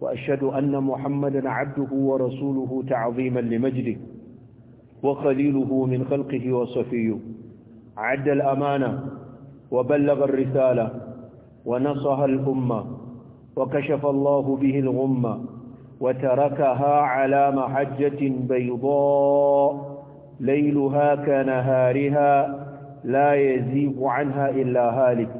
وأشهد أن محمدا عبده ورسوله تعظيما لمجده وخليله من خلقه وصفيه عد الأمانة وبلغ الرسالة ونصها الأمة وكشف الله به الغمة وتركها على محجة بيضاء ليلها كنهارها لا يزيغ عنها إلا هالك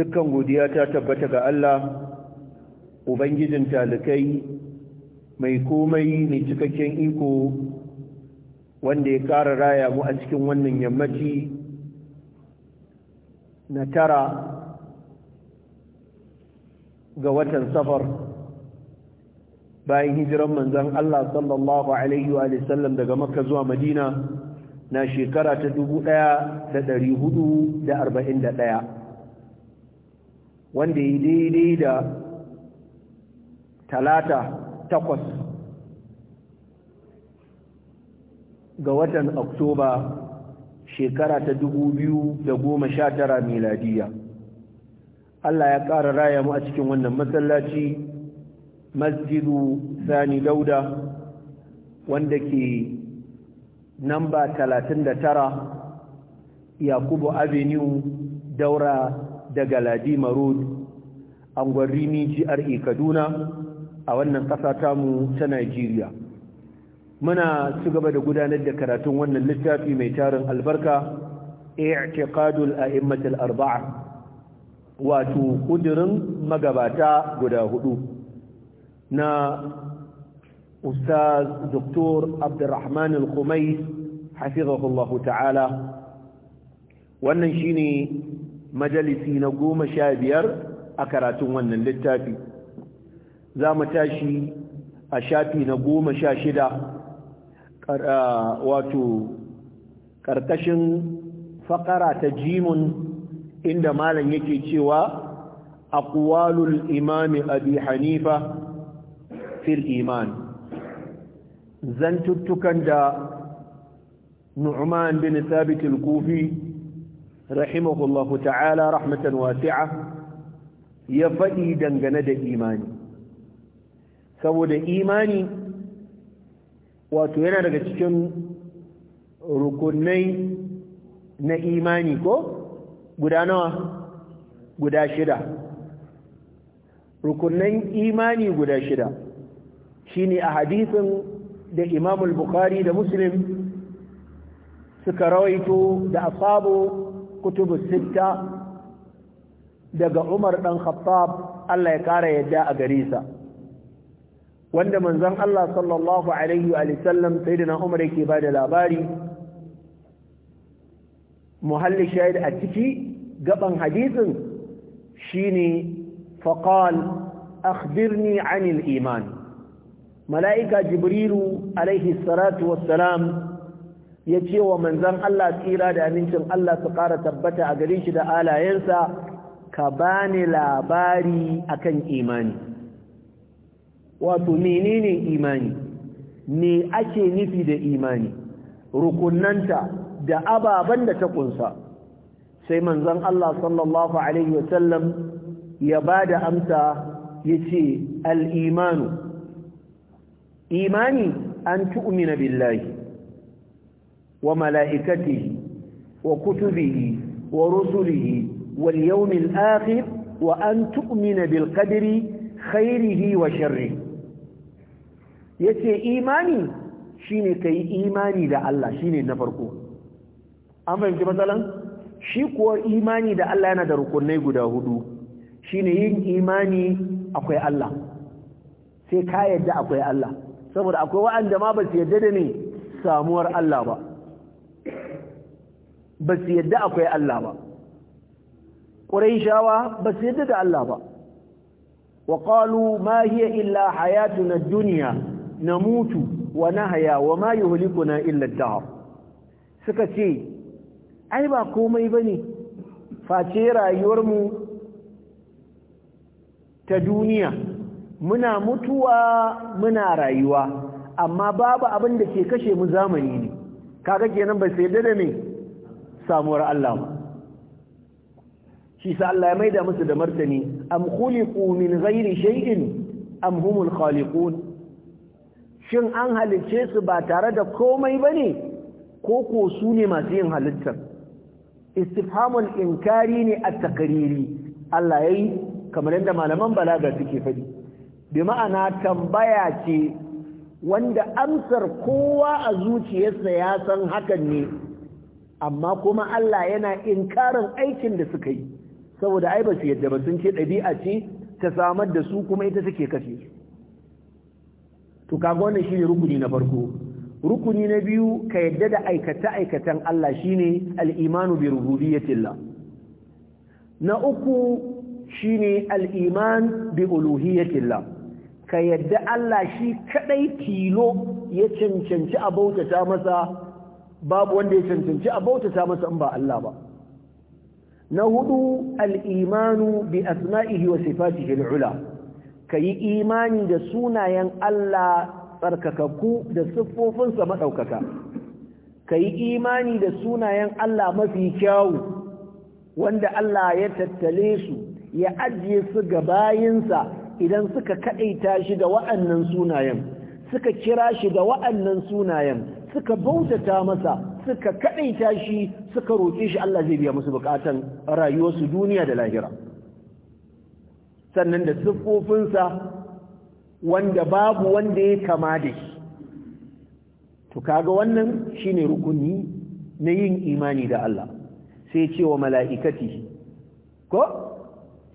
dukkan godiya ta tabbata ga Allah ubangijin talikai mai komai ne cikakken iko wanda ya kara raya mu a cikin wannan yammaci na tara ga watan safar bayan hijiran manzan Allah sallallahu alaihi wa sallam daga makka zuwa madina na shekara ta dubu ɗaya da da da ɗari arba'in ɗaya. wanda yi daidai da talata takwas ga watan oktoba shekara ta dubu biyu da goma sha tara miladiya Allah ya ƙara raya mu a cikin wannan masallaci masjidu sani dauda wanda ke namba talatin da tara yakubu avenue daura daga Galadima Road angon Rimi GRA Kaduna a wannan ƙasa tamu ta Najeriya muna ci gaba da gudanar da karatun wannan littafi mai tarin albarka i'tiqadul a'immatul arba'a wato kudirin magabata guda hudu na ustaz Dr. abdurrahman al-khumais hafizahullahu ta'ala wannan shine majalisi na goma sha biyar a karatun wannan littafi za mu tashi a shafi na goma sha shida wato ƙarƙashin faƙara ta jimun inda malam yake cewa aqwalul imami abi hanifa fil iman zantuttukan da nu'man bin thabit al-kufi rahimahullahu ta'ala rahmatan wasi'a ya faɗi dangane da imani saboda imani wato yana daga cikin rukunai na imani guda nawa guda shida rukunan imani guda shida shine a hadisin da imamul al-Bukhari da Muslim suka rawaito da asabu kutubu sitta daga Umar dan Khattab Allah ya kara yadda a gare sa wanda manzon Allah sallallahu alaihi wa sallam sayyidina Umar yake bada labari muhalli shahid a ciki gaban hadisin shine faqal akhbirni anil iman mala'ika jibrilu alaihi salatu wassalam ya ce wa manzan Allah tsira da amincin Allah su ƙara tabbata a gare shi da alayensa ka bani labari akan imani wato menene imani me ake nufi da imani rukunanta da ababen da ta kunsa sai manzan Allah sallallahu alaihi wasallam ya da amsa yace al-imanu imani an tu'umina billahi وملائكته وكتبه ورسله واليوم الآخر وأن تؤمن بالقدر خيره وشره yace imani shine kai imani da Allah shine na farko an fahimci matsalan shi kuwa imani da Allah yana da rukunai guda hudu shine yin imani akwai Allah sai ka yadda akwai Allah saboda akwai wa'anda ma ba su yadda da ne samuwar Allah ba ba su yadda akwai Allah ba ƙuraishawa ba su yadda da Allah ba wa qalu ma hiya illa hayatuna na mutu wa haya wa ma yuhlikuna illa ad suka ce ai ba komai bane face rayuwarmu ta duniya muna mutuwa muna rayuwa amma babu abin da ke kashe mu zamani ne kaga kenan ba sai da me samuwar Allah shi sa Allah ya maida musu da martani am khuliqu min ghairi shay'in am humul khaliqun shin an halicce su ba tare da komai bane ko ko su ne masu yin halittar istifhamul inkari ne a takariri Allah yayi kamar yadda malaman balaga suke faɗi bi ma'ana tambaya ce wanda amsar kowa a zuciyarsa ya san hakan ne amma kuma Allah yana inkarin aikin da suka yi saboda ai ba su yadda ba sun ce ɗabi'a ce ta samar da su kuma ita take kashe su to kaga wannan shine rukuni na farko rukuni na biyu ka yadda da aikata aikatan Allah shine al-imanu bi rububiyyatillah na uku shine al-iman bi uluhiyyatillah ka yadda Allah shi kadai tilo ya cancanci a bautata masa babu wanda ya cancanci a bautata masa in ba Allah ba na hudu al-imanu bi asma'ihi wa sifatihi al Ka yi imani da sunayen Allah tsarkakakku da siffofinsa Ka yi imani da sunayen Allah mafi kyau wanda Allah ya tattale su ya ajiye su ga bayinsa idan suka kaɗaita shi da wa'annan sunayen suka kira shi da wa'annan sunayen suka bautata masa suka kadaita shi suka roke shi Allah zai biya musu bukatan rayuwarsu duniya da lahira sannan da siffofinsa wanda babu wanda ya kama da shi to kaga wannan shine rukuni na yin imani da Allah sai ce wa mala'ikati ko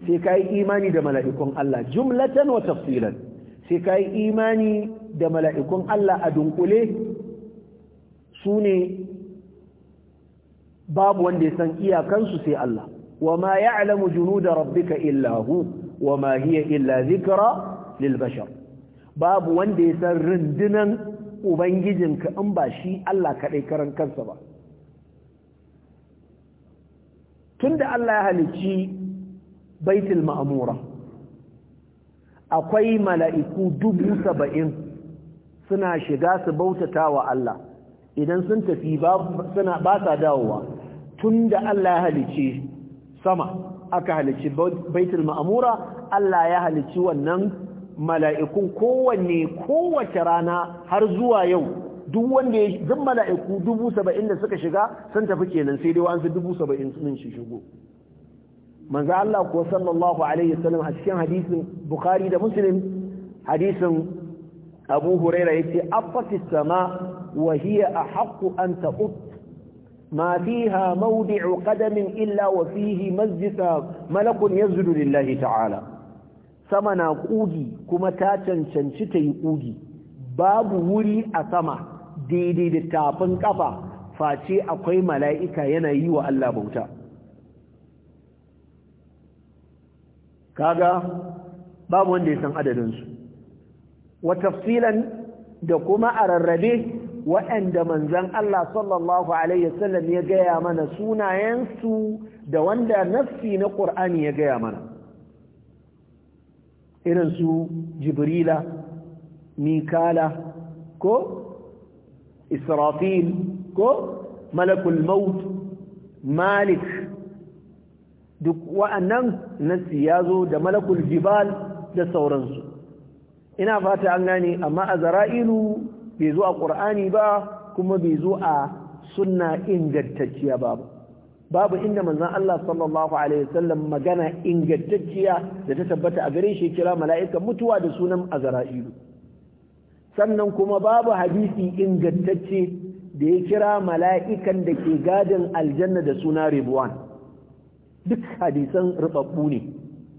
sai kai imani da mala'ikun Allah jumlatan wa tafsilan sai kai imani da mala'ikun Allah a dunkule su ne babu wanda ya san iyakansu sai Allah wa ma ya'lamu junuda rabbika illa hu wa ma hiya illa dhikra lil bashar babu wanda ya san rundunan ubangijinka in ba shi Allah kadai karan kansa ba tunda Allah ya halicci baitul ma'mura akwai mala'iku dubu saba'in suna shiga su bautata wa Allah idan sun tafi suna ba sa dawowa tun da Allah ya halice sama aka halici baitul ma'amura Allah ya halici wannan mala'ikun kowanne kowace rana har zuwa yau duk wanda ya duk mala'iku dubu saba'in da suka shiga sun tafi kenan sai dai wa'ansu dubu saba'in sun shi shigo manzo Allah ko sallallahu alaihi wasallam a cikin hadisin Bukhari da Muslim hadisin abu huraira yace afati sama wa hiya ahqqu an taqut ma fiha mawdi'u qadamin illa wa fihi masjida malakun yazdu lillahi ta'ala sama na kugi kuma ta cancanci ta yi kugi babu wuri a sama daidai da tafin kafa face akwai mala'ika yana yi wa Allah bauta kaga babu wanda ya san adadinsu وتفصيلاً دكما على الربيع وعند من زن الله صلى الله عليه وسلم يجي أمانا سونا ينسو دوان دا نفسين قرآن يجي أمانا إرنسو جبريل ميكالا كو إسرافيل كو ملك الموت مالك دك وأنن نسيازو دا ملك الجبال دا سورنسو ina fata an gane amma a zara'ilu bai zo a ƙur'ani ba kuma bai zo a sunna ingantacciya ba babu inda manzan Allah sallallahu alaihi wasallam magana ingantacciya da ta tabbata a gare shi kira mala'ikan mutuwa da sunan zara'ilu sannan kuma babu hadisi ingantacce da ya kira mala'ikan da ke gadin aljanna da suna ribuwan duk hadisan rubabbu ne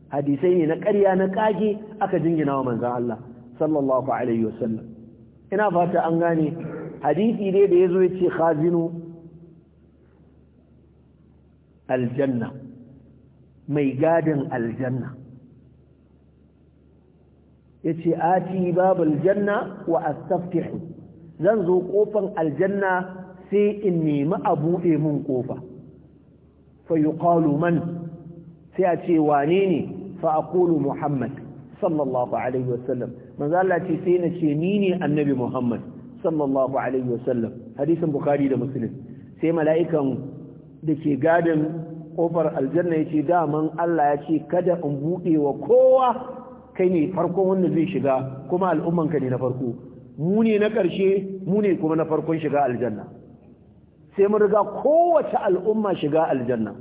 hadisai ne na ƙarya na ƙage aka jingina wa manzan Allah sallallahu alaihi wasallam ina fata an gane hadisi ne da yazo yace khazinu aljanna mai gadin aljanna yace ati babul janna wa astaftihu zan zo kofan aljanna sai in nemi a mun kofa fa yuqalu man sai a ce wane ne fa aqulu muhammad sallallahu alaihi wasallam manzo Allah ce sai na ce ni ne annabi muhammad sallallahu alaihi wasallam hadisin bukhari da muslim sai mala'ikan da ke gadin kofar aljanna yace daman Allah ya ce kada in bude wa kowa kai ne farkon wanda zai shiga kuma al'umman ka ne na farko mu ne na ƙarshe mu ne kuma na farkon shiga aljanna sai mun riga kowace al'umma shiga aljanna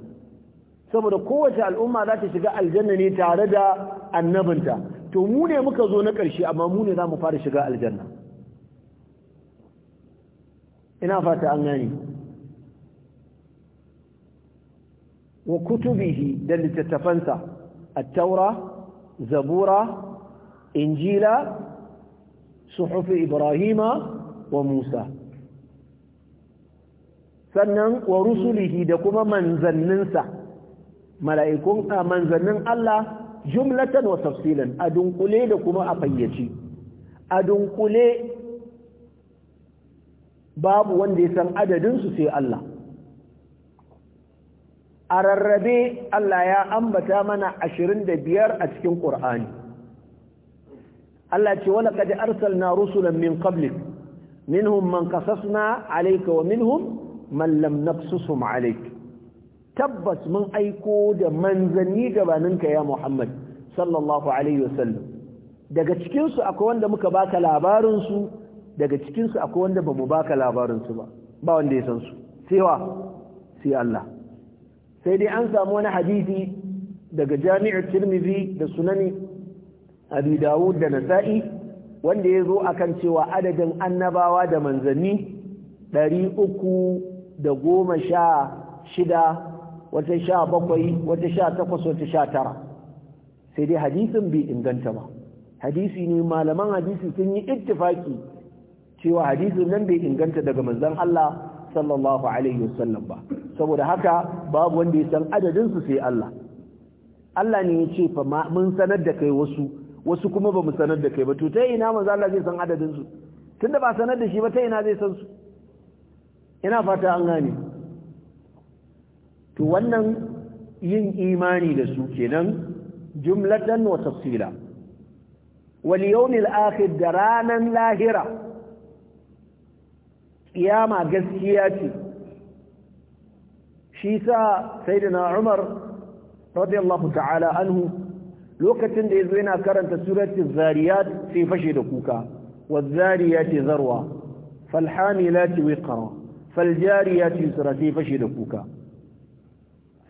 saboda kowace al'umma za ta shiga aljanna ne tare da annabinta to mu ne muka zo na ƙarshe amma mu ne za mu fara shiga aljanna ina fata an gani wa kutubihi da littattafansa a taura zabura injila suhufi ibrahima wa musa sannan wa rusulihi da kuma manzanninsa mala'ikun a manzannin Allah jumlatan wa tafsilan a dunkule da kuma a fayyaci a dunkule babu wanda ya san adadinsu sai Allah a rarrabe Allah ya ambata mana ashirin da biyar a cikin ƙur'ani Allah ce wani kaji arsalna rusulan min qablik minhum man kasasna alaika wa minhum man lam naqsusum alayka tabbas mun aiko da manzanni gabaninka ya Muhammad sallallahu alaihi wasallam daga cikin su akwai wanda muka baka labarin su daga cikin su akwai wanda bamu baka labarin su ba ba wanda ya san su sai wa sai Allah sai dai an samu wani hadisi daga Jami'u Tirmidhi da Sunani Abi Dawud da Nasa'i wanda ya zo akan cewa adadin annabawa da manzanni ɗari uku da goma sha shida wata sha bakwai wata sha takwas wata sha tara sai dai hadisin bai inganta ba hadisi ne malaman hadisi sun yi ittifaki cewa hadisin nan bai inganta daga manzon Allah sallallahu alaihi wasallam ba saboda haka babu wanda ya san adadin su sai Allah Allah ne ya ce fa mun sanar da kai wasu wasu kuma ba mu sanar da kai ba to ta ina manzo Allah zai san adadin su tunda ba sanar da shi ba ta ina zai san su ina fata an gane to wannan yin imani da su kenan jumlatan wa tafsila wal yawmil akhir da ranan lahira kiyama gaskiya ce shi sa sayyidina Umar radiyallahu ta'ala anhu lokacin da yazo yana karanta suratul zariyat sai fashe da kuka والذاريات ذروة فالحاملات وقرا فالجاريات يسرى fashe da kuka.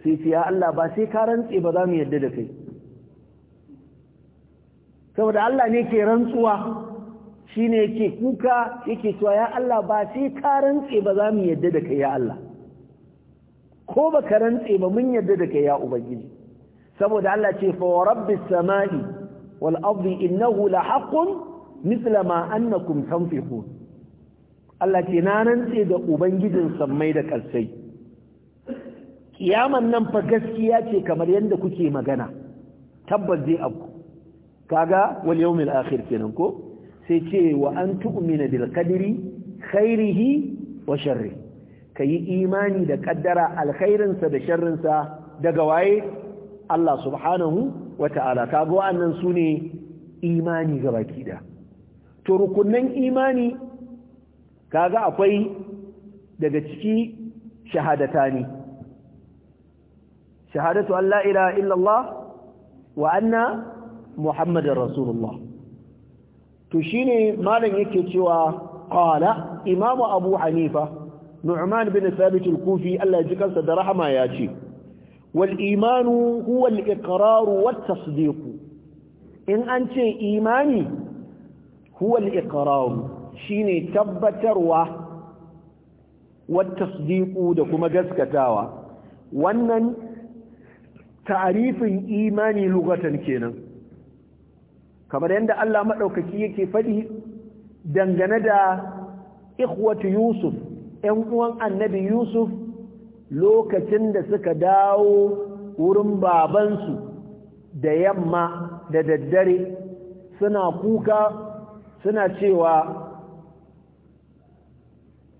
sai ya Allah ba sai ka rantse ba za mu yadda da kai saboda Allah ne ke rantsuwa shi ne yake kuka yake cewa ya Allah ba sai ka rantse ba za mu yadda da kai ya Allah ko ba ka rantse ba mun yadda da kai ya ubangiji saboda Allah ce fa wa rabbis samai wal ardi innahu la haqqun mithla ma annakum tanfihun Allah ce na rantse da ubangijin sammai da kalsai kiyaman nan fa gaskiya ce kamar yadda kuke magana tabbas zai abu kaga wal yawmil akhir kenan ko sai ce wa an tu'mina bil qadri khairihi wa sharri kai imani da kaddara alkhairin sa da sharrin sa daga waye Allah subhanahu wa ta'ala kaga wa'annan sune imani gabaki da to rukunnan imani kaga akwai daga ciki shahadatani shahadatu an la ilaha illallah wa anna muhammadar rasulullah to shine malam yake cewa qala imamu abu hanifa nu'man bin thabit al-kufi Allah ya da rahama ya ce wal imanu huwa al-iqrar wa at-tasdiq in an ce imani huwa al-iqrar shine tabbatarwa wa at-tasdiq da kuma gaskatawa wannan ta'arifin imani lugatan kenan kamar yadda Allah maɗaukaki yake faɗi dangane da ikhwatu Yusuf ‘yan uwan annabi Yusuf lokacin da suka dawo wurin babansu da yamma da daddare suna kuka suna cewa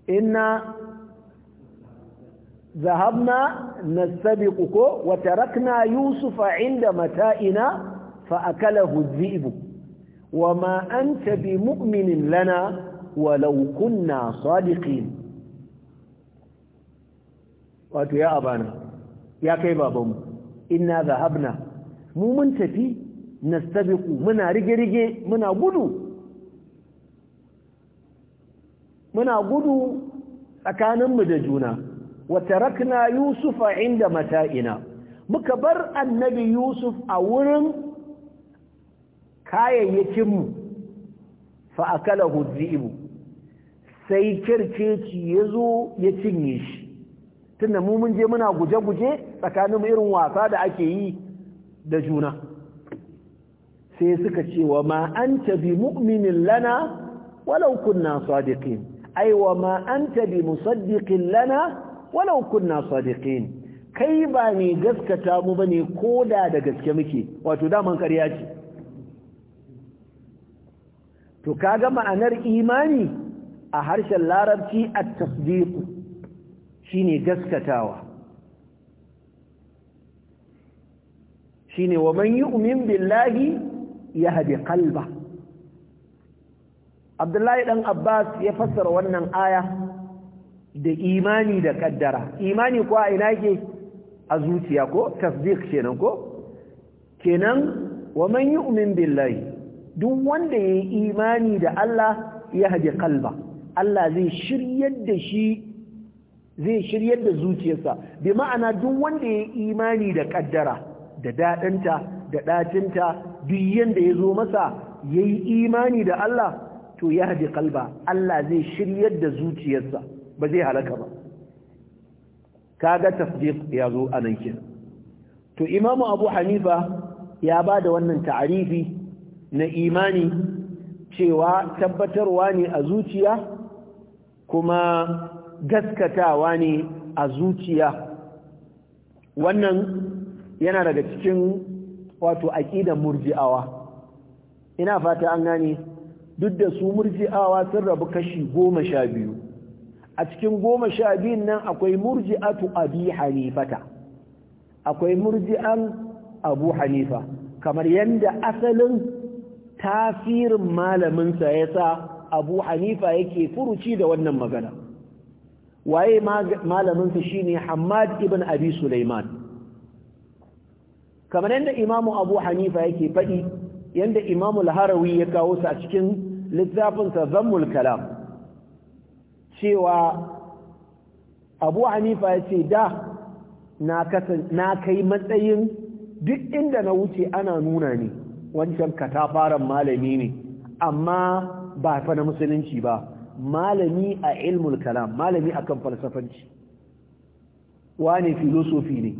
inna zahabna nastabiqu ko wa tarakna yusufa inda mata'ina fa akalahu dhi'bu wa ma anta bimu'minin lana walau kunna sadiqin wato ya abana ya kai babanmu ina zahabna mu mun tafi nastabiqu muna muna gudu muna gudu tsakaninmu da juna wa tarakna yusuf inda mata'ina muka bar annabi yusuf a wurin kayayyakin mu fa akalahu dhi'bu sai kirkeci yazo ya cinye shi tunda mu mun je muna guje-guje tsakanin mu irin wasa da ake yi da juna sai suka ce wa ma anta bi mu'minin lana walau kunna sadiqin ai wa ma anta bi musaddiqin lana walau kunna sadiqin kai ba ne gaskata mu bane koda da gaske muke wato daman ƙarya ce to kaga ma'anar imani a harshen larabci at-tasdiq shine gaskatawa shine wa man yu'min billahi yahdi qalba Abdullahi dan Abbas ya fassara wannan aya da imani da kaddara imani ko a ina ke a zuciya ko tasdiq kenan ko kenan wa man yu'min billahi duk wanda yayi imani da Allah ya haje kalba Allah zai shiryar da shi zai shiryar da zuciyarsa bi ma'ana duk wanda yayi imani da kaddara da daɗinta, da datinta duk yanda yazo masa yayi imani da Allah to ya haje kalba Allah zai shiryar da zuciyarsa ba zai halaka ba kaga tasdiq ya zo a nan kin to imamu abu hanifa ya ba da wannan ta'arifi na imani cewa tabbatarwa ne a zuciya kuma gaskatawa ne a zuciya wannan yana daga cikin wato aƙidan murji'awa ina fata an gane duk da su murji'awa sun rabu kashi goma sha biyu a cikin goma sha biyun nan akwai murji'atu abi hanifata akwai murji'an abu hanifa kamar yadda asalin tasirin malaminsa ya sa abu hanifa yake furuci da wannan magana waye malaminsa shine hamad ibn abi sulaiman kamar yadda imamu abu hanifa yake faɗi yadda imamu Laharawi ya kawo su a cikin littafinsa zammul kalam cewa abu hanifa ya ce da na kai matsayin duk inda na wuce ana nuna ne wancan katafaren malami ne amma ba fa na musulunci ba malami a ilmul kalam malami akan falsafanci wane filosofi ne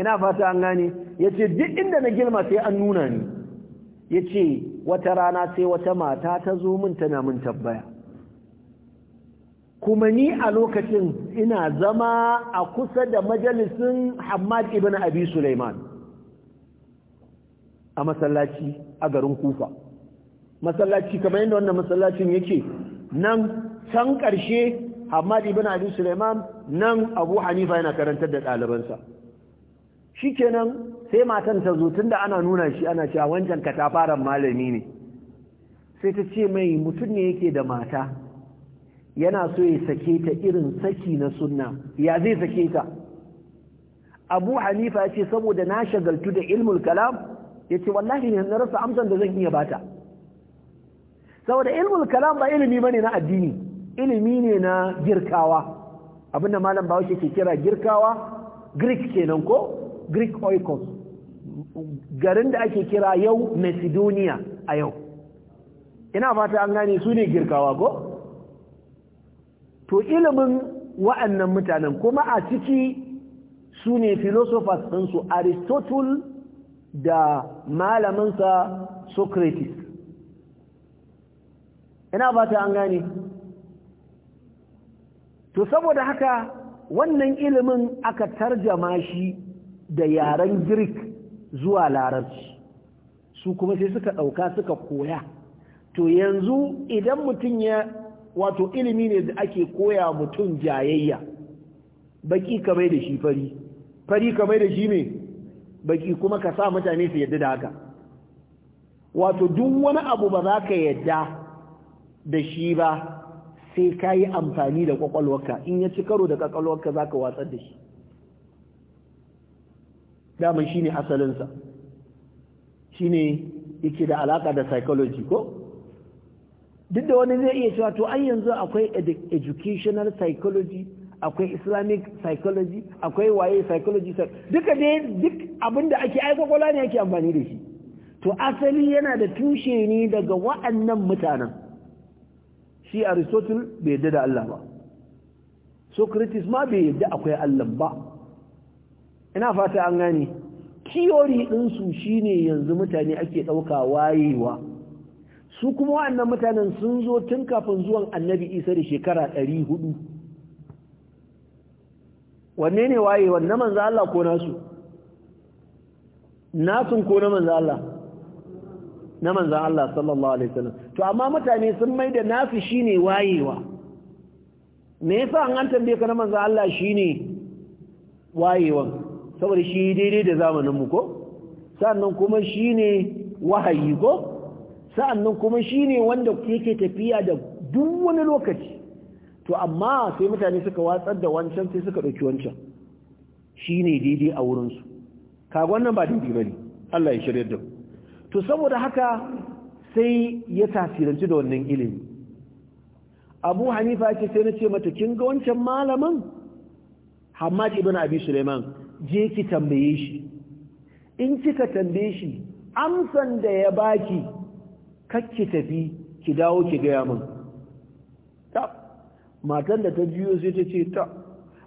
ina fata an gane yace duk inda na girma sai an nuna ni yace wata rana sai wata mata ta zo min tana min tabbaya kuma ni a lokacin ina zama a kusa da majalisin Hamad ibn Abi Sulaiman a masallaci a garin Kufa masallaci kamar yadda wannan masallacin yake nan can ƙarshe Hamad ibn Abi Sulaiman nan Abu Hanifa yana karantar da ɗalibansa shikenan sai matan ta zo tunda ana nuna shi ana cewa wancan katafaren malami ne sai ta ce mai mutum ne yake da mata yana so ya sake ta irin saki na sunna ya zai sake ta abu hanifa ya ce saboda na shagaltu da ilmul kalam ya ce wallahi ne na rasa amsan da zan iya bata saboda ilmul kalam ba ilimi ba ne na addini ilimi ne na girkawa abinda malam ba bahaushe ke kira girkawa greek kenan ko greek oikos garin da ake kira yau macedonia a yau ina fata an gane su ne girkawa ko to ilimin wa'annan mutanen kuma a ciki su ne philosophers ɗinsu aristotle da malaminsa socrates ina ba ta an gane to saboda haka wannan ilimin aka tarjama shi da yaren greek zuwa larabci su kuma sai suka ɗauka suka koya to yanzu idan mutum ya wato ilimi ne da ake koya mutum jayayya baki ka mai da shi fari fari ka mai da shi ne baki kuma ka sa mutane su yadda da haka wato duk wani abu ba za ka yadda da shi ba sai ka yi amfani da kwakwalwarka in ya ci karo da kwakwalwarka za ka watsar da shi daman shi ne asalinsa shi ne yake da alaƙa da psychology ko duk da wani zai iya cewa to ai yanzu akwai educational psychology akwai islamic psychology akwai waye psychology duka dai duk abin da ake ai kwala ne ake amfani da shi to asali yana da tushe ne daga wa'annan mutanen shi aristotle bai yadda da Allah ba socrates ma bai yadda akwai Allah ba ina fata an gane theory ɗinsu shine yanzu mutane ake ɗauka wayewa su kuma wa'annan mutanen sun zo tun kafin zuwan annabi isa da shekara ɗari hudu wanne ne waye wanne manzo Allah ko nasu nasun ko na manzo Allah na manzo Allah sallallahu alaihi wasallam to amma mutane sun mai da nasu shine wayewa me yasa an tambaye ka na manzo Allah shine wayewan saboda shi daidai da zamanin mu ko sannan kuma shine wahayi ko sa'annan kuma shi ne wanda yake tafiya da duk wani lokaci to amma sai mutane suka watsar da wancan sai suka ɗauki wancan shi ne daidai a wurinsu kaga wannan ba daidai ba ne. Allah ya shirya da to saboda haka sai ya tasiranci da wannan ilimi Abu Hanifa ce sai na ce mata kin ga wancan malamin Hamad ibn Abi Suleiman, je ki tambaye shi in kika tambaye shi amsan da ya baki kakki tafi ki dawo ki gaya min ta matan da ta biyo sai ta ce ta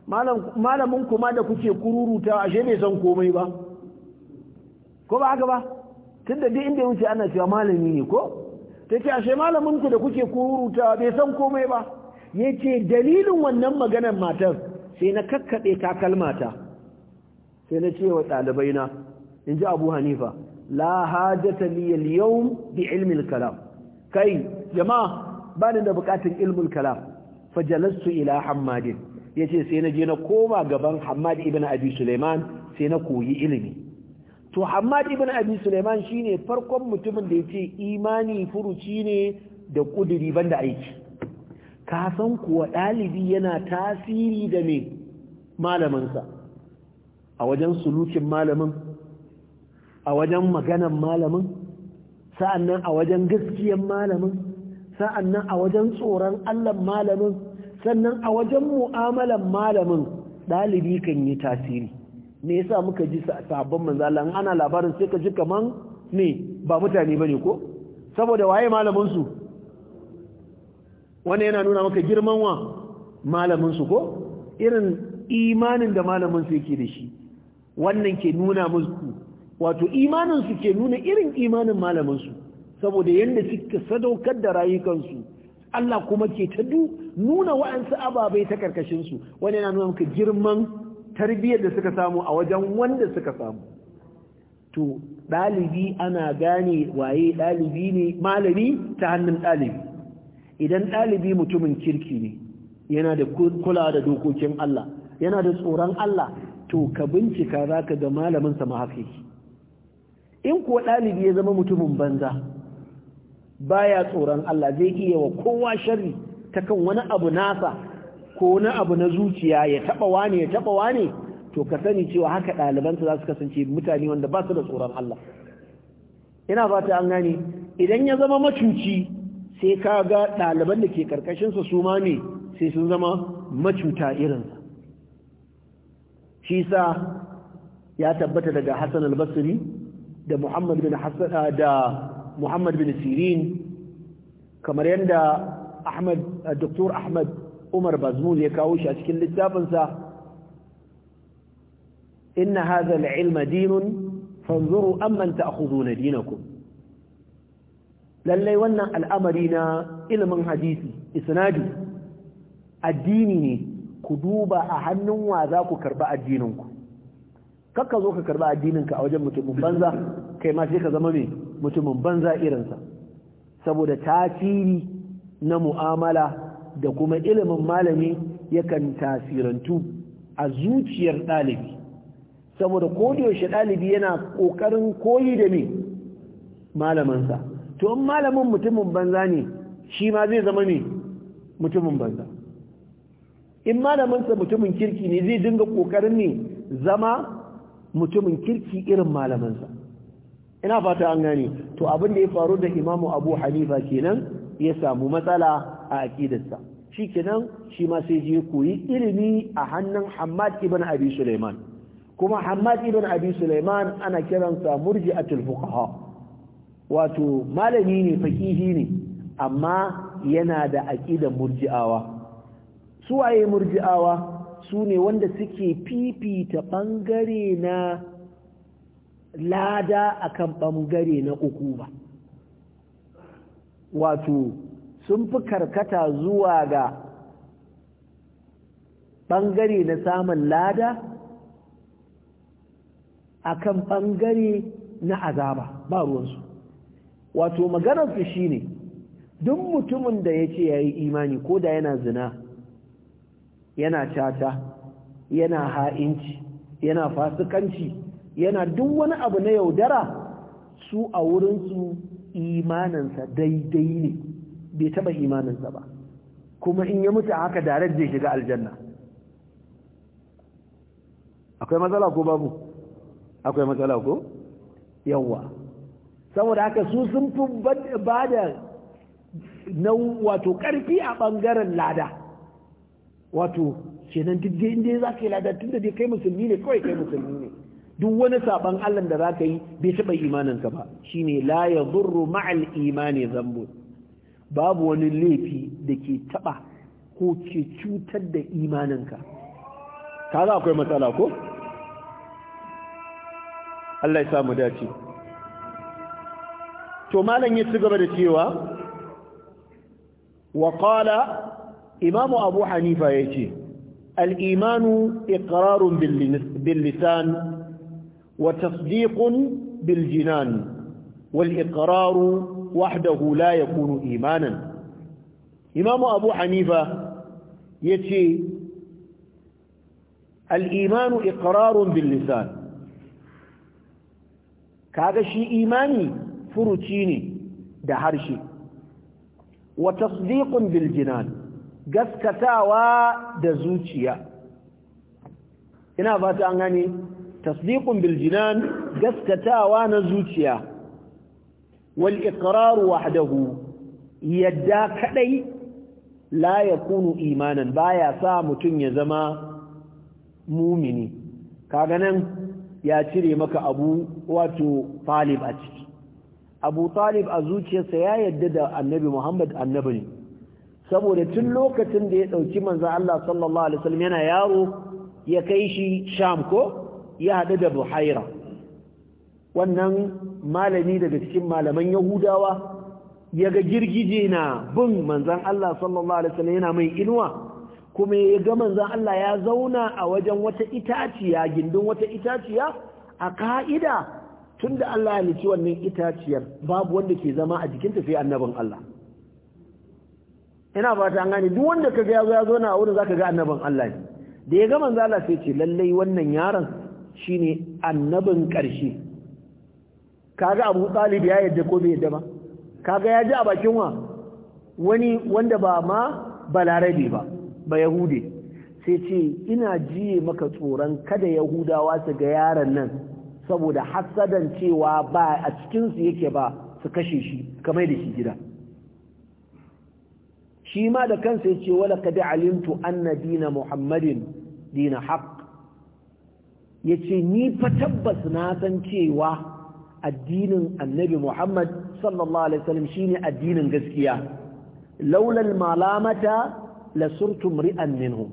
malamin kuma da kuke kururuta ashe bai san komai ba ko ba haka ba da duk inda wuce ana cewa malami ne ko ta ce ashe malamin ku da kuke kururuta bai san komai ba ya ce dalilin wannan maganar matar sai na kakkaɓe takalmata sai na ce wa ɗalibaina in ji abu hanifa la hajata li al bi ilmi kalam kai jama'a bani da bukatun ilmul kalam fajalastu ila hammadin yace sai na je na koma gaban hammad ibn abi sulaiman sai na koyi ilimi to hammad ibn abi sulaiman shine farkon mutumin da yace imani furuci ne da kuduri banda aiki Kasan kuwa dalibi yana tasiri da mai malaminsa a wajen sulukin malamin a wajen maganan malamin sa'annan a wajen gaskiyan malamin sa'annan a wajen tsoron allan malamin sannan a wajen mu'amalan malamin ɗalibi kan yi tasiri me yasa muka ji sabon manzala ana labarin sai ka ji kaman ne ba mutane bane ko saboda waye malamin su yana nuna maka girman wa malamin ko irin imanin da malamin su yake da shi wannan ke nuna musu wato imaninsu ke nuna irin imanin malamansu saboda yadda suka sadaukar da rayukansu Allah kuma ke ta du nuna wa'ansu ababai ta karkashinsu wani yana nuna maka girman tarbiyyar da suka samu a wajen wanda suka samu to ɗalibi ana gane waye ɗalibi ne malami ta hannun ɗalibi idan ɗalibi mutumin kirki ne yana da kula da dokokin Allah yana da tsoron Allah to ka bincika zaka ka ga malamin sa mahaifi in ko ɗalibi ya zama mutumin banza baya tsoron Allah zai iya wa kowa sharri ta kan wani abu nasa ko wani abu na zuciya ya taɓa wani ya taɓa wani to ka sani cewa haka ɗalibansa za su kasance mutane wanda ba su da tsoron Allah ina fata an gane idan ya zama macuci sai ka ga ɗaliban da ke ƙarƙashinsa su ma ne sai sun zama macuta irinsa shi sa ya tabbata daga hassan albasiri da Muhammad bin Hassan ah, da Muhammad bin Sirin kamar yadda Ahmad ah, Dr. Ahmad Umar Bazmul ya kawo shi a cikin littafinsa inna hadha al-ilma dinun fanzuru amman ta'khuduna dinakum lallai wannan al'amari na ilmin hadisi isnadi addini ne ku duba a hannun wa za ku karba addininku kakka zo ka karba addinin ka a wajen mutumin banza kai ma sai ka zama mai mutumin banza irinsa saboda tasiri na mu'amala da kuma ilimin malami yakan tasirantu a zuciyar ɗalibi saboda yaushe ɗalibi yana ƙoƙarin koyi da me malamansa to in malamin mutumin banza ne shi ma zai zama ne mutumin banza in malaminsa mutumin kirki ne zai dinga ƙoƙarin ne zama mutumin kirki irin malamansa ina fata an gane to abin da ya faru da imamu abu hanifa kenan ya samu matsala a aƙidarsa shi kenan shi ma sai je koyi ilimi a hannun hamad ibn abi suleiman kuma hamad ibn abi suleiman ana kiransa murji'atul fuqaha wato malami ne fakihi ne amma yana da aƙidan murji'awa Su waye murji'awa su ne wanda suke fifita ɓangare na lada akan ɓangare na uku ba wato sun fi karkata zuwa ga ɓangare na samun lada akan ɓangare na azaba ba ruwansu wato maganarsu shi ne duk mutumin da ya ce ya yi imani ko da yana zina yana cata yana ha'inci yana fasikanci yana duk wani abu na yaudara su a wurinsu imaninsa daidai ne bai taba imaninsa ba kuma in ya mutu haka darar zai shiga aljanna akwai matsala ko babu akwai matsala ko yawwa saboda haka su sun fi ba da wato ƙarfi a ɓangaren lada wato kenan duk dai inda za ka yi tun da dai kai musulmi ne kawai kai musulmi ne duk wani saban Allah da za ka yi bai taɓa imaninka ba shine la ya zurru ma'al imani zambo babu wani laifi da ke taɓa ko ke cutar da imaninka za akwai matsala ko Allah ya samu dace to malam ya ci gaba da cewa wa qala imamu abu hanifa ya ce al'imanu iqrarun billisan wa tasdiqun biljinan wal iqraru wahdahu la yakunu imanan imamu abu hanifa ya ce al'imanu iqrarun billisan kaga shi imani furuci ne da harshe wa tasdiqun biljinan gaskatawa da zuciya ina fata an gane tasdiqun bil jinan gaskatawa na zuciya wal iqrar wahdahu yadda kadai la yakunu imanan baya sa mutun ya zama mumini kaga nan ya cire maka abu wato talib a ciki abu talib a zuciyarsa ya yadda da annabi muhammad annabi saboda tun lokacin da ya ɗauki manzo Allah sallallahu alaihi wasallam yana yaro ya kai shi sham ko ya haɗu da buhaira wannan malami daga cikin malaman yahudawa ya ga girgije na bin manzan Allah sallallahu alaihi wasallam yana mai inuwa kuma ya ga manzan Allah ya zauna a wajen wata itaciya gindin wata itaciya a ka'ida tunda Allah ya nufi wannan itaciyar babu wanda ke zama a jikinta sai annabin Allah ina ba ta gane duk wanda ka ga yazo yazo na a wurin zaka ga annabin Allah ne da ya ga manzo Allah sai ce lalle wannan yaron shine annabin karshe kaga Abu Talib ya yadda ko bai yadda ba kaga ya ji a bakin wa wani wanda ba ma balarabi ba ba yahude sai ce ina jiye maka tsoron kada yahudawa su ga yaron nan saboda hasadan cewa ba a cikinsu yake ba su kashe shi kamar da shi gida shi ma da kansa ya ce wala kada alimtu anna dina muhammadin dina haq ya ce ni fa tabbas na san cewa addinin annabi muhammad sallallahu alaihi wasallam shine addinin gaskiya laula malamata la surtu mri'an minhum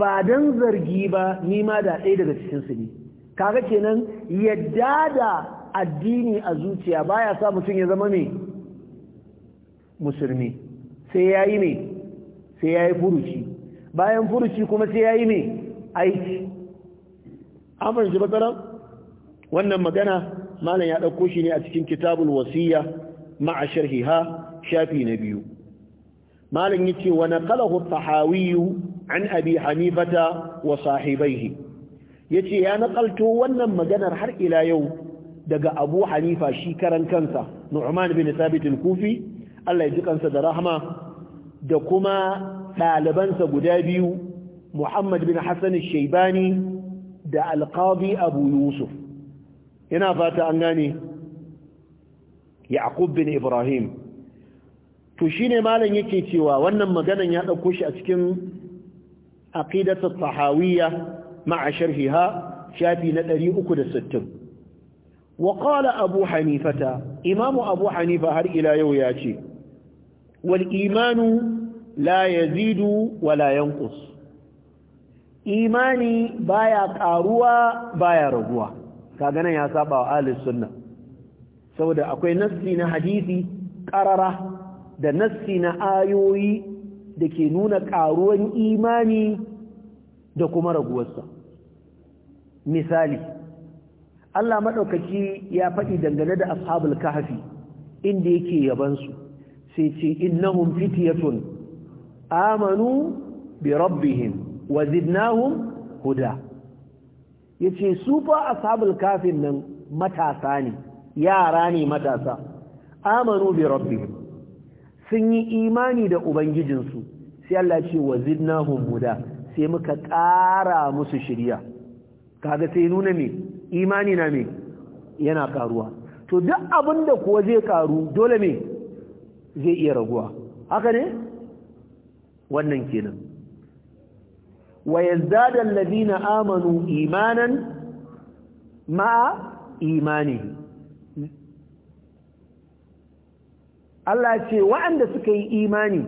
ba dan zargi ba ni ma da ɗaya daga cikin su ne kaga kenan yadda da addini a zuciya baya sa mutum ya zama ne musulmi sai yayi ne sai yayi furuci bayan furuci kuma sai yayi ne aiki amfani shi matsalan wannan magana malam ya ɗauko shi ne a cikin kitabul wasiya ma'a sharhiha shafi na biyu malam yace wa naqalahu at-tahawi an abi hanifata wa sahibaihi yace ya naqalto wannan maganar har ila yau daga Abu Hanifa shi karan kansa Nu'man bin Thabit al-Kufi Allah ya ji kansa da rahma da kuma ɗalibansa guda biyu Muhammad bin Hassan Shaibani da Alqadi Abu Yusuf ina fata an gane Yaqub bin Ibrahim to ne malam yake cewa wannan maganan ya ɗauko shi a cikin aqidatu fahawiyya ma'ashar sharhiha shafi na 360 wa qala abu hanifata imamu abu hanifa har ila yau ya ce wal imanu la yazidu wala yanqus imani baya karuwa baya raguwa kaga nan ya saba wa ahlus sunna saboda akwai nassi na hadisi ƙarara, da nassi na ayoyi da ke nuna karuwan imani da kuma raguwarsa misali Allah madaukaki ya faɗi dangane da ashabul Kahafi inda yake yabansu sai ce innahum fityatun amanu bi rabbihim wa zidnahum huda yace su fa ashabul kafin nan matasa ne yara ne matasa amanu bi rabbihim sun yi imani da ubangijinsu sai Allah ce wa zidnahum huda sai muka ƙara musu shiriya kaga sai nuna me imani na me yana karuwa to duk abinda kuwa zai karu dole me zai iya raguwa haka ne wannan kenan wa yazdada alladhina amanu imanan ma imani Allah ce waɗanda suka yi imani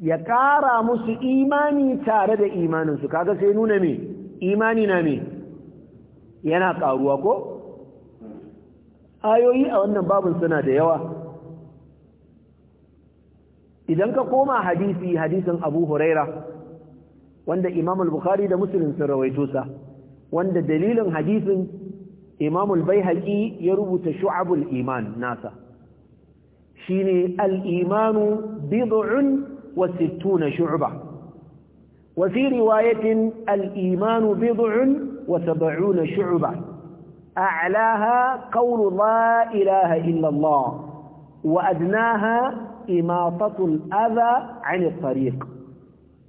ya ƙara musu imani tare da imaninsu kaga sai nuna me imani na me yana ƙaruwa ko ayoyi a wannan babin suna da yawa idan ka koma hadisi hadisin abu huraira wanda imam al-bukhari da muslim sun rawaito sa wanda dalilin hadisin imam al-baihaqi ya rubuta shu'abul iman nasa shine al-imanu bid'un wa sittuna shu'ba wa fi riwayatin al-imanu bid'un wa sab'una shu'ba أعلاها قول لا إله إلا الله وأدناها إماطة الأذى عن الطريق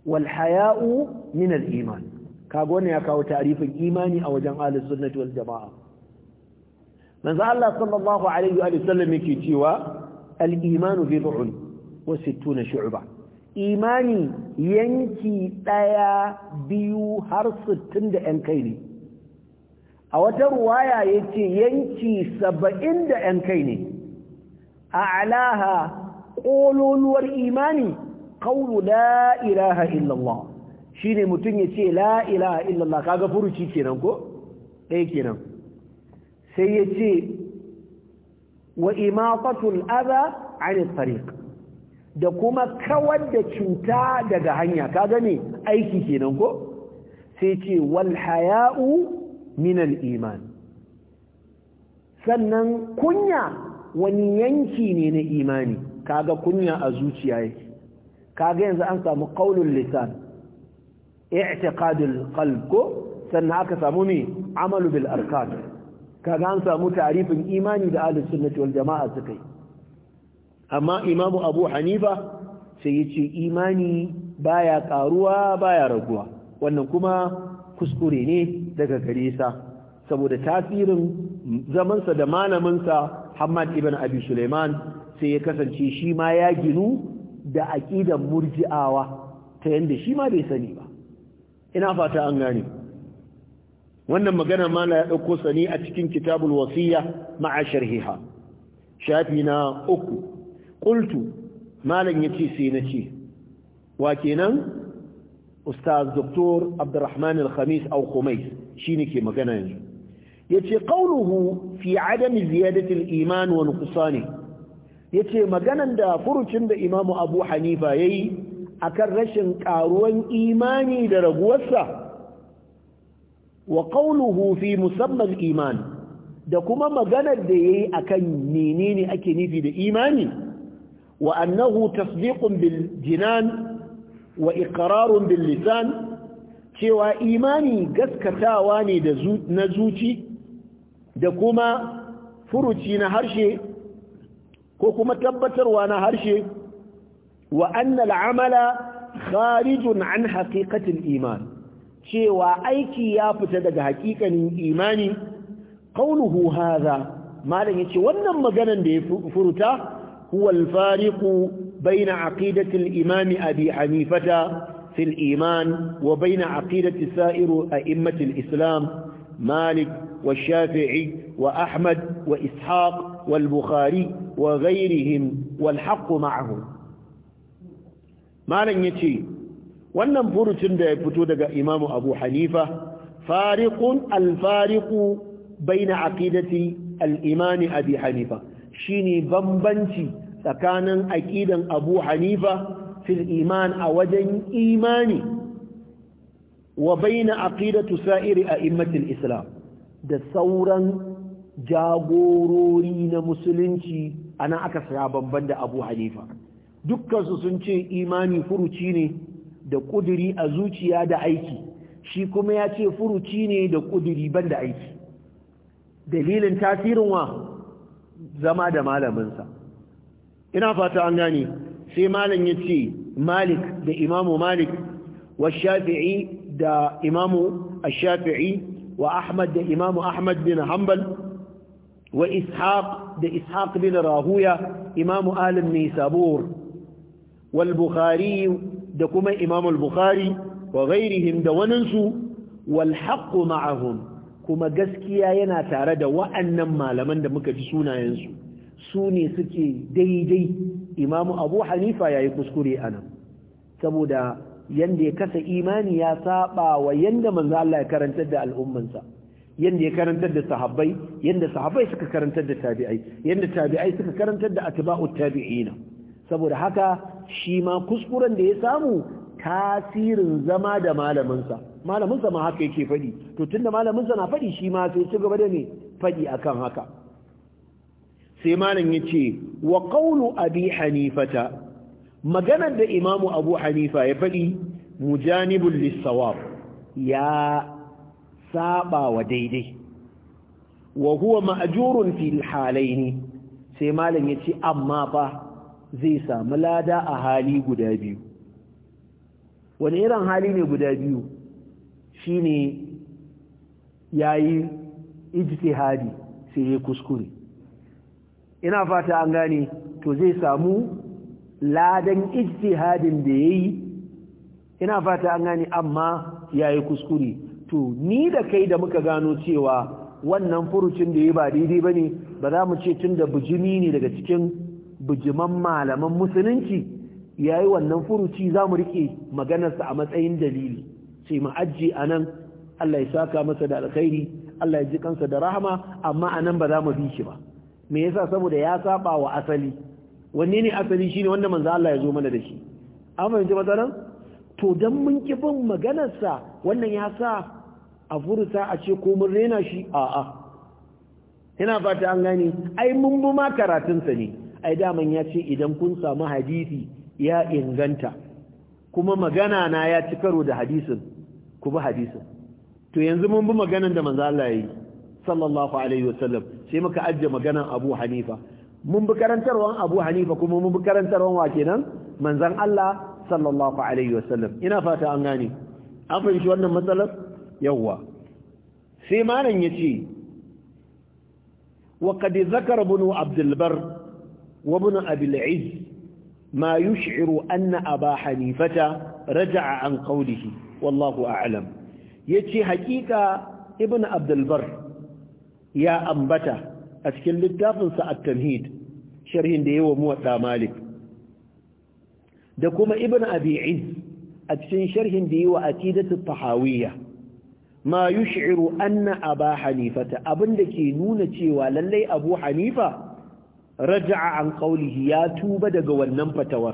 والحياء من الإيمان كاغون يا كاو تعريف الإيمان أو جمع السنة والجماعة من ذا الله صلى الله عليه وآله وسلم يكتوى الإيمان في بضع وستون شعبة إيماني ينكي تايا بيو هرس التند أنكيني a wata ruwaya ya ce yanki saba'in da ‘yan kai ne a alaha ƙololuwar imani ƙaunu la ilaha illallah shi ne mutum ya ce la ilaha illallah kaga furuci kenan ko? ɗaya kenan sai ya ce wa imatatul aza anil tariq da kuma kawar da cuta daga hanya kaga ne aiki kenan ko? sai ce wal haya'u minal iman sannan kunya wani yanki ne na imani kaga kunya a zuciya yake kaga yanzu an samu qaulul lisan i'tiqadul qalb ko sannan aka samu ne amalu bil arkan kaga an samu tarifin imani da ahlus sunnati wal jamaa suka yi amma imamu abu hanifa sai yace imani baya karuwa baya raguwa wannan kuma kuskure ne daga gare sa saboda tasirin zamansa da malaminsa Hamad ibn Abi Sulaiman sai ya kasance shi ma ya ginu da aƙidan murji'awa ta yanda shi ma bai sani ba ina fata an gane wannan magana mala ya dauko sani a cikin kitabul wasiya ma'a sharhiha shafi na uku qultu malam yace sai nace wa kenan ustaz doktor abdurrahman al-khamis au khumais shine ke magana yanzu yace qawluhu fi adam ziyadati al-iman wa ne yace maganan da furucin da imam abu hanifa yayi akan rashin karuwan imani da raguwarsa wa qawluhu fi musamma iman da kuma maganar da yayi akan ne ake nufi da imani wa annahu tasdiqun bil jinan wa iqrarun bil lisan cewa imani gaskatawa ne da na zuci da kuma furuci na harshe ko kuma tabbatarwa na harshe wa annal amala kharijun an haqiqatil iman cewa aiki ya fita daga haƙiƙanin imani qawluhu hadha malam yace wannan maganan da ya furuta huwa al-fariqu بين عقيدة الإمام أبي حنيفة في الإيمان وبين عقيدة سائر أئمة الإسلام مالك والشافعي وأحمد وإسحاق والبخاري وغيرهم والحق معهم لن يتي وأنم furucin da ya fito أبو حنيفة فارق الفارق بين عقيدة الإمام أبي حنيفة al-Imam tsakanin aƙidan Abu Hanifa fil iman a wajen imani wa baina aqidatu sa'iri a'immatil Islam da sauran jagorori na musulunci ana aka saya bamban da Abu Hanifa dukkansu sun ce imani furuci ne da ƙuduri a zuciya da aiki shi kuma ya ce furuci ne da ƙuduri banda aiki dalilin tasirin wa zama da malaminsa ina fata an gani sai malam ya ce malik da imamu malik wa shafi'i da imamu shafi'i wa ahmad da imamu ahmad bin hanbal wa ishaq da ishaq bin rahuya imamu alim mai sabur walbukhari da kuma imamu al-bukhari wa ghairihim da waninsu wal haqqu ma'ahum kuma gaskiya yana tare da wa'annan malaman da muka ji sunayensu su ne suke daidai imamu abu hanifa ya yi kuskure a nan saboda yadda ya kasa imani ya saba wa yadda manzo Allah ya karantar da al'ummansa yadda ya karantar da sahabbai yadda sahabbai suka karantar da tabi'ai yadda tabi'ai suka karantar da atba'ut tabi'ina saboda haka shi ma kuskuren da ya samu tasirin zama da malaminsa malaminsa ma haka yake faɗi to tunda malaminsa na faɗi shi ma sai ci gaba da ne faɗi akan haka sai malam yace wa qawlu abi hanifata maganar da imamu abu hanifa ya faɗi mujanibul lisawab ya saba wa daidai wa huwa ma'jurun fil ne sai malam yace amma fa zai samu lada a hali guda biyu wani irin hali ne guda biyu shine yayi ijtihadi sai ya kuskure ina fata an gane to zai samu ladan ijtihadin da yayi ina fata an gane amma yayi kuskure to ni da kai da muka gano cewa wannan furucin da yayi ba daidai bane ba za mu ce tunda bujimi ne daga cikin bujiman malaman musulunci yayi wannan furuci za mu rike maganarsa a matsayin dalili sai mu ajji anan Allah ya saka masa da alkhairi Allah ya ji kansa da rahama amma anan ba za mu bi shi ba me yasa saboda ya saba wa asali wanne ne asali shine wanda manzo Allah ya zo mana da shi an fahimci matsalan to dan mun ki bin maganarsa wannan ya sa a furuta a ce ko mun rena shi a'a ina fata an gani ai mun bi ma karatunsa ne ai daman ya ce idan kun samu hadisi ya inganta kuma magana na ya ci karo da hadisin ku bi hadisin to yanzu mun bi maganar da manzo Allah yi sallallahu alaihi wasallam sai muka ajiye maganan abu hanifa mun bi karantarwan abu hanifa kuma mun bi karantarwan wa kenan manzon Allah sallallahu alaihi wasallam ina fata an gane an fahimci wannan matsalar yawwa sai malam yace wa qad zakara ibn abdul bar wa ibn abil izz ما يشعر أن أبا حنيفة رجع عن قوله والله أعلم يتي حقيقة ابن عبد البر ya ambata a cikin littafinsa a tamhid sharhin da wa muwadda malik da kuma ibn abi'in a cikin sharhin da yawa aqidatu tahawiyya ma yush'iru anna aba hanifata abinda ke nuna cewa lallai abu hanifa raja'a an qawlihi ya tuba daga wannan fatawar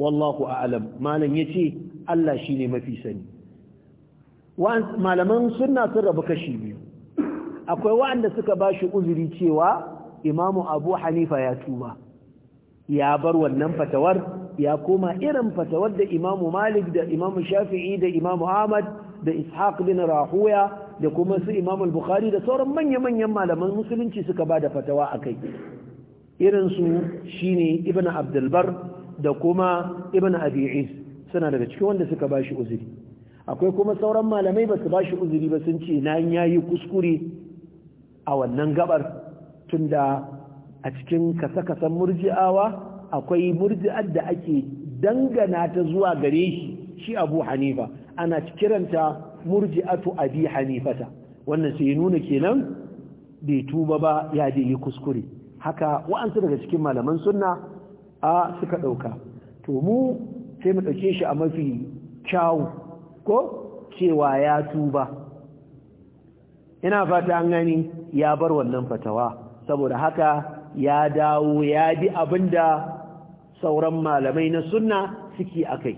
wallahu a'lam malam yace Allah shine mafi sani malaman sunna sun rabu kashi biyu akwai waɗanda suka ba shi uzuri cewa imamu abu hanifa ya tuba ya bar wannan fatawar ya koma irin fatawar da imamu malik da imamu shafi'i da imamu ahmad da ishaq bin rahuya da kuma su imamu bukhari da sauran manya-manyan malaman musulunci suka ba da fatawa a kai irinsu shine ibn abdulbar da kuma ibn abi'is suna daga cikin wanda suka ba shi uzuri akwai kuma sauran malamai ba su ba shi uzuri ba sun ce na yi kuskure a wannan gabar tunda a cikin kasa-kasan murji'awa akwai murji'ar da ake dangana ta zuwa gare shi shi abu hanifa ana kiranta murji'atu abi hanifata wannan sai nuna kenan bai tuba ba ya da yi kuskure haka wa'ansu daga cikin malaman sunna a suka ɗauka to mu sai mu ɗauke shi a mafi kyawu ko cewa ya tuba ina fata an gani ya bar wannan fatawa saboda haka ya dawo ya bi abinda sauran malamai na sunna suke akai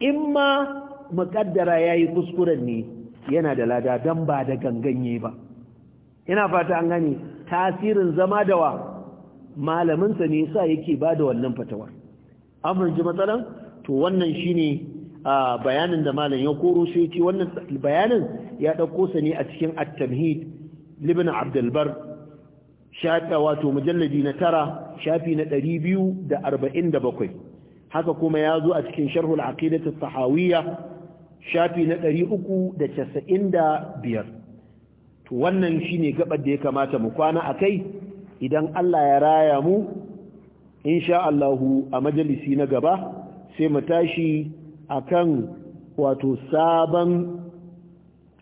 in ma muƙaddara yayi yi kuskuren ne yana da lada dan ba da ganganye ba ina fata an gani tasirin zama da wa malaminsa ne sa yake bada da wannan fatawar ji matsalan to wannan shine bayanin da malam ya koro shi wannan bayanin ya dauko sa ne a cikin at-tamhid libin abdulbar shata wato mujalladi na tara shafi na ɗari biyu da arba'in da bakwai haka kuma ya zo a cikin sharhul aqidatu sahawiyya shafi na ɗari uku da casa'in da biyar to wannan shine gabar da ya kamata mu kwana a kai idan Allah ya raya mu insha Allahu a majalisi na gaba sai mu tashi akan wato sabon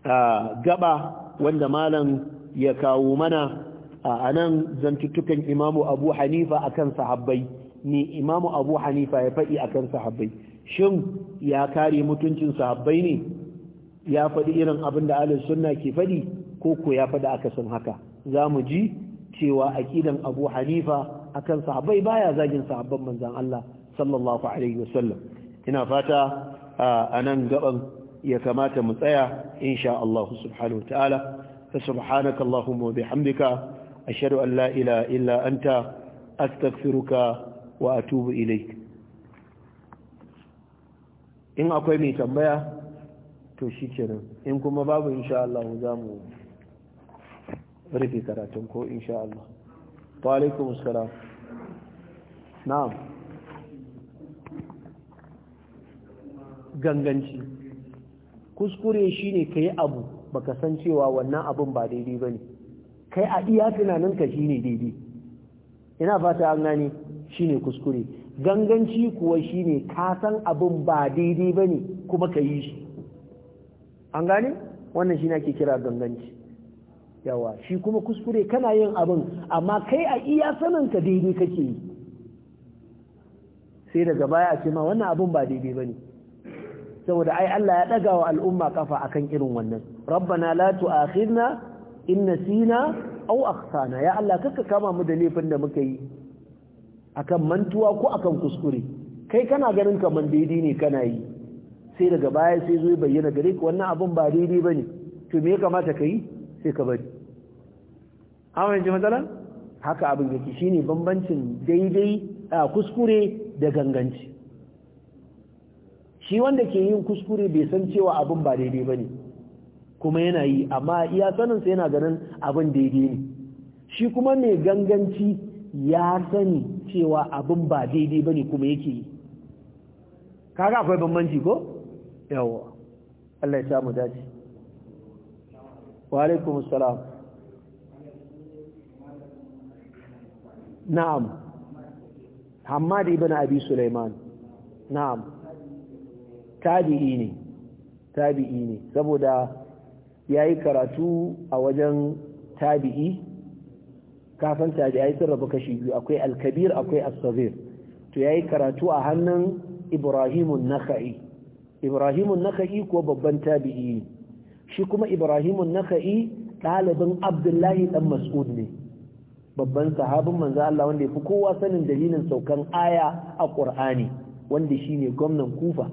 ah, gaba wanda malam ya kawo mana a nan zantuttukan imamu abu hanifa akan sahabbai ni imamu abu hanifa ya faɗi akan sahabbai shin ya kare mutuncin sahabbai ne ya faɗi irin abin da ahlus sunna ke faɗi ko ko ya faɗi akasin haka za mu ji cewa aqidan abu hanifa akan sahabbai baya zagin sahabban manzan Allah sallallahu alaihi wasallam ina fata a nan gaban ya kamata mu tsaya insha Allah subhanahu wa ta'ala فسبحانك اللهم وبحمدك أشهد أن لا إله إلا أنت أستغفرك وأتوب إليك in akwai mai tambaya to shi kenan in kuma babu insha Allah za mu rufe karatun ganganci kuskure shine kai abu baka san cewa wannan abin ba daidai bane kai a iya shi shine daidai ina fata an gane shine kuskure ganganci kuwa shine ka san abin ba daidai bane kuma ka yi shi an gane wannan shine ake kira ganganci yawa shi kuma kuskure kana yin abin amma kai a iya saninka daidai kake yi sai daga baya a ce ma wannan abin ba daidai bane saboda ai Allah ya ɗaga wa al'umma kafa akan irin wannan rabbana la tu'akhidna in nasina aw akhtana ya Allah kaka kama mu da laifin da muka yi akan mantuwa ko akan kuskure kai kana ganin kaman daidai ne kana yi sai daga baya sai zo bayyana gare ka wannan abun ba daidai bane to me ya kamata ka yi sai ka bari amma yanzu matsala haka abin yake shine bambancin daidai a kuskure da ganganci shi wanda ke yin kuskure bai san cewa abun ba daidai bane kuma yana yi amma iya saninsa yana ganin abin daidai ne shi kuma mai ganganci ya sani cewa abin ba daidai ba ne kuma yake yi kaga akwai bambanci ko? yawa Allah ya samu dace wa alaikum salam na'am hamad ibn abi sulaiman na'am tabi'i ne tabi'i ne saboda ya yi karatu a wajen tabi'i kafin tabi'ai sun rabu kashi biyu akwai alkabir akwai asabir to ya yi karatu a hannun ibrahimun naka'i ibrahimun naka'i ko babban tabi'i shi kuma ibrahimun naka'i ɗalibin abdullahi ɗan mas'ud ne babban sahabin manza Allah wanda ya fi kowa sanin dalilin saukan aya a ƙur'ani wanda shi ne gwamnan kufa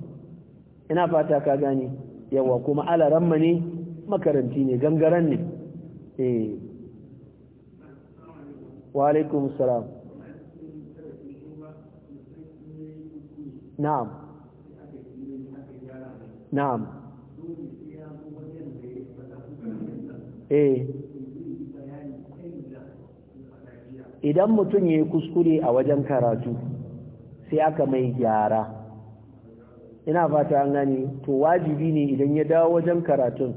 ina fata ka gane yawa kuma alaramma ne makaranti ne gangaren ne eh wa alaikum salam na'am na'am eh idan mutum ya yi kuskure a wajen karatu sai aka mai gyara ina fata an gani to wajibi ne idan ya dawo wajen karatun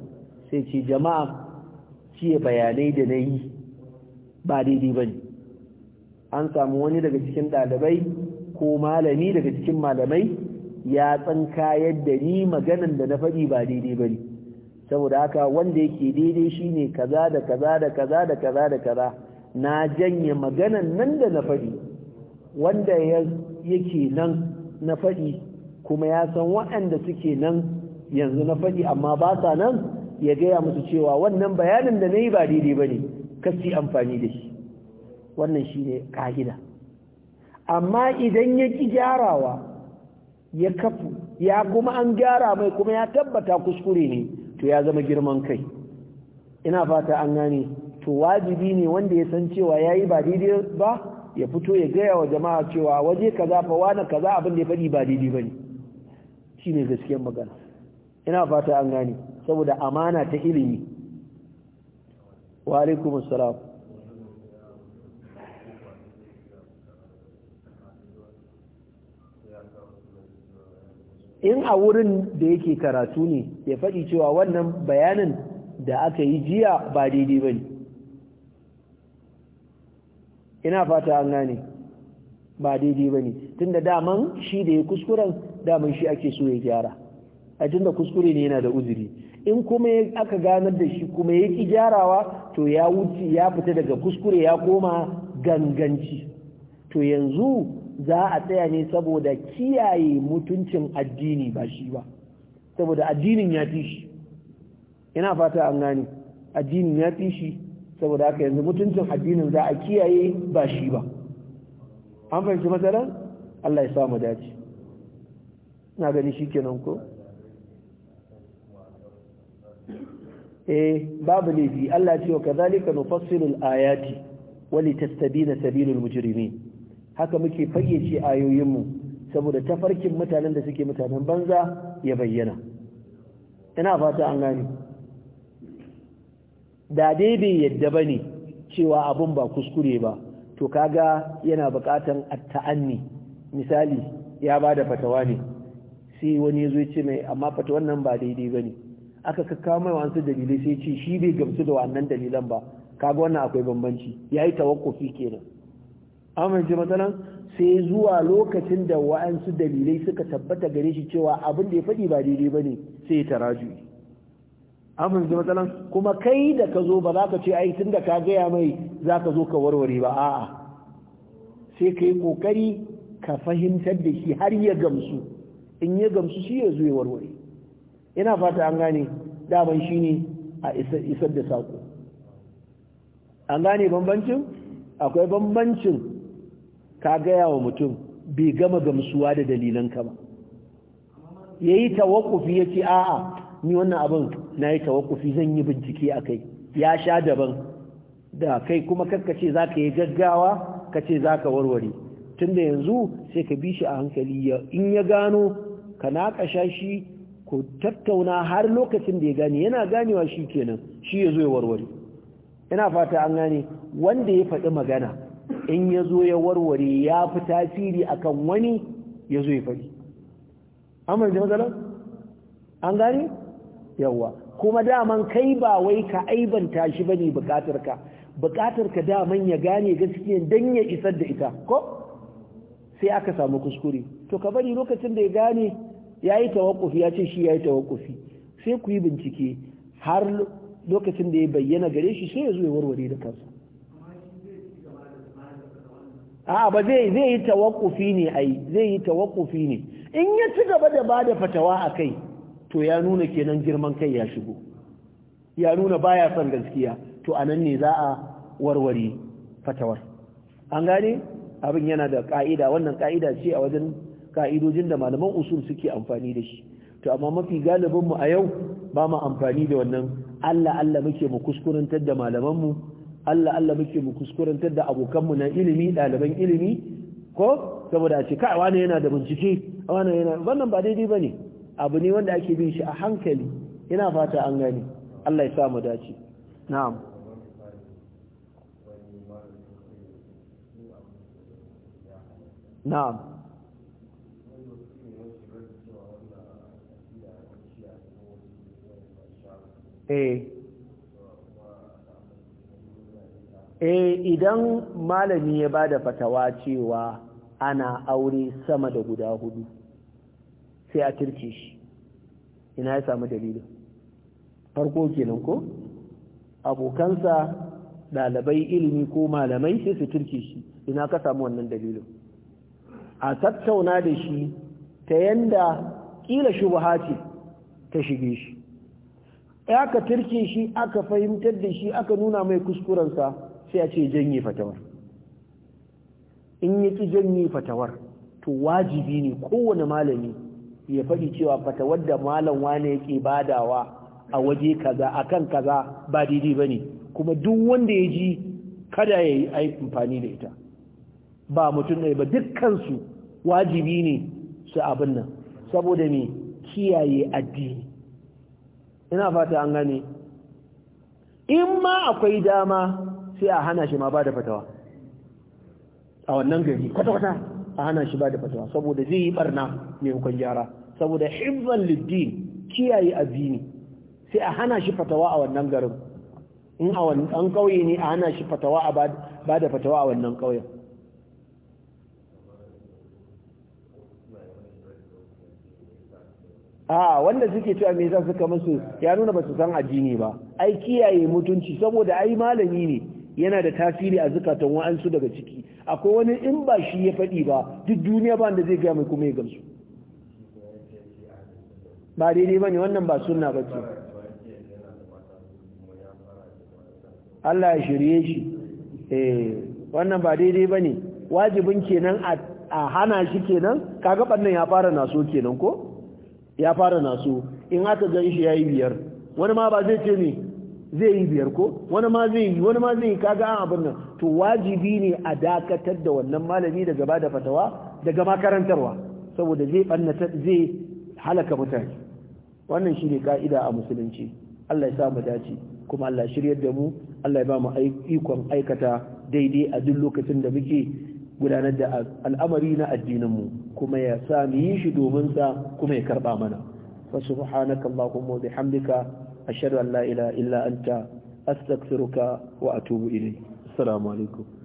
sai ce jama'a ciye bayanai da na yi ba daidai ba ne an samu wani daga cikin ɗalibai ko malami daga cikin malamai ya tsanka yadda ni maganan da na faɗi ba daidai ba ne saboda haka wanda yake daidai shine kaza da kaza da kaza da kaza da kaza na janye maganan nan da na faɗi wanda yake nan na faɗi kuma ya san waɗanda suke nan yanzu na faɗi amma ba sa nan ya gaya musu cewa wannan bayanin da na yi ba daidai ba ne kasi amfani da shi wannan shi ne ƙahida. amma idan ya ƙi gyarawa ya kafu ya kuma an gyara mai kuma ya tabbata kuskure ne to ya zama girman kai ina fata an gane to wajibi ne wanda ya san cewa ya yi ba daidai ba ya fito ya gaya wa jama'a cewa waje kaza fa wani kaza abin da ya faɗi ba daidai ba ne shi ne gaskiyar magana ina fata an gane saboda amana ta ilimi wa alaikum assalam in a wurin da yake karatu ne ya faɗi cewa wannan bayanin da aka yi jiya ba daidai ba ne ina fata an gane ba daidai ba ne tun da daman shi da ya kuskuren daman shi ake so ya gyara a da kuskure ne yana da uzuri in kuma aka ganar da shi kuma ya ƙi gyarawa to ya wuce ya fita daga kuskure ya koma ganganci to yanzu za a tsaya ne saboda kiyaye mutuncin addini ba shi ba saboda addinin ya fi shi ina fata an gani addinin ya fi shi saboda haka yanzu mutuncin addinin za a kiyaye ba shi ba an fahimci matsalar Allah ya samu dace na gani shi kenan ko eh babu laifi Allah ce wa kazalika nufassilu alayati ayati wa litastabina sabilul mujrimin haka muke fayyace ayoyinmu saboda tafarkin mutanen da suke mutanen banza ya bayyana ina fata an gane da dai bai yadda bane cewa abun ba kuskure ba to kaga yana buƙatan atta'anni misali ya bada fatawa ne sai wani ya zo ya ce mai amma fatawan nan ba daidai bane aka kakkawo mai wasu dalilai sai ce shi bai gamsu da wannan dalilan ba kaga wannan akwai bambanci ya yi tawakkufi kenan amma ce matsalan sai zuwa lokacin da wa'ansu dalilai suka tabbata gare shi cewa abin da ya faɗi ba daidai ba ne sai ya taraju amma matsalan kuma kai da ka zo ba za ka ce ai tun da ka gaya mai za ka zo ka warware ba a'a sai ka yi ƙoƙari ka fahimtar da shi har ya gamsu in ya gamsu shi ya zo ya warware ina fata an gane daban ne a isar da saƙo. an gane bambancin akwai bambancin ka gaya wa mutum bai gama gamsuwa da dalilan ka ba yayi ya yace a'a ni wannan abin na yi tawakufi zan yi bincike a kai. ya sha daban da kai kuma za ka yi gaggawa ka ce za ka warware tunda yanzu sai ka bi shi a hankali in ya gano ka naƙasha shi ku tattauna har lokacin da ya gane yana ganewa shi kenan shi ya zo ya warware ina fata an gane wanda ya faɗi magana in ya zo ya warware ya fi tasiri akan wani ya zo ya faɗi amma da matsalar an gane yawa kuma daman kai ba wai ka aibanta shi ba ne bukatarka bukatarka daman ya gane gaskiya don ya isar da ita ko sai aka samu kuskure to ka bari lokacin da ya gane ya yi tawakufi ya ce shi ya yi tawakufi sai ku yi bincike har lokacin da ya bayyana gare shi sai ya zo ya warware da kansa a ba zai zai yi tawakufi ne ai zai yi tawakufi ne in ya ci gaba da ba da fatawa a kai to ya nuna kenan girman kai ya shigo ya nuna baya son gaskiya to a nan ne za a warware fatawar an gane abin yana da ka'ida wannan ka'ida ce a wajen ka'idojin da malaman usul suke amfani da shi to amma mafi galibin mu a yau ba mu amfani da wannan Allah Allah muke mu kuskurantar da malaman mu Allah Allah muke mu kuskurantar da abokan mu na ilimi ɗaliban ilimi ko saboda a ce kai wani yana da bincike wani yana wannan ba daidai bane abu ne wanda ake bin shi a hankali ina fata an gani Allah ya sa mu dace na'am na'am eh eh idan malami ya bada fatawa cewa ana aure sama da guda hudu sai a turke shi ina ya samu dalilin farko kenan ko abokansa dalibai, ilimi ko malamai sai su turke shi ina ka samu wannan dalilin a tattauna da shi ta yanda kila shubha ce ta shige shi ya ka turke shi aka fahimtar da shi aka nuna mai kuskurensa sai a ce janye fatawar in ya ki janye fatawar to wajibi ne kowane malami ya faɗi cewa fatawar da malam wane yake badawa a waje kaza a kan kaza ba daidai ba ne kuma duk wanda ya ji kada ya yi amfani da ita ba mutum ɗaya ba dukkansu wajibi ne su abin nan saboda mai kiyaye addini ina fata an gane in ma akwai dama sai a hana shi ma ba da fatawa a wannan gari kwata-kwata a hana shi ba da fatawa saboda zai yi barna mai hukun gyara saboda hibban liddin kiyaye azini sai a hana shi fatawa a wannan garin in a wannan ƙauye ne a hana shi fatawa a ba da fatawa a wannan ƙauyen a wanda suke cewa me yasa suka musu ya nuna ba su san addini ba ai kiyaye mutunci saboda ai malami ne yana da tasiri a zukatan wa'ansu daga ciki akwai wani in ba shi ya faɗi ba duk duniya ba wanda zai gaya mai kuma ya gamsu ba daidai ba ne wannan ba sunna ba ce Allah ya shirye shi eh wannan ba daidai ba ne wajibin kenan a hana shi kenan kaga bannan ya fara naso kenan ko ya fara naso in aka gan shi ya yi biyar wani ma ba zai ce ne zai yi biyar ko wani ma zai yi wani ma zai yi kaga an abin nan to wajibi ne a dakatar da wannan malami daga ba da fatawa daga makarantarwa saboda zai ɓannata zai halaka mutane wannan shi ne ka'ida a musulunci Allah ya sa mu dace kuma Allah shiryar da mu Allah ya ba mu ikon aikata daidai a duk lokacin da muke gudanar da al'amari na addininmu kuma ya sami shi domin sa kuma ya karba mana fa subhanaka allahumma wa bihamdika ashhadu an la ilaha illa anta astaghfiruka wa atubu ilayk assalamu alaikum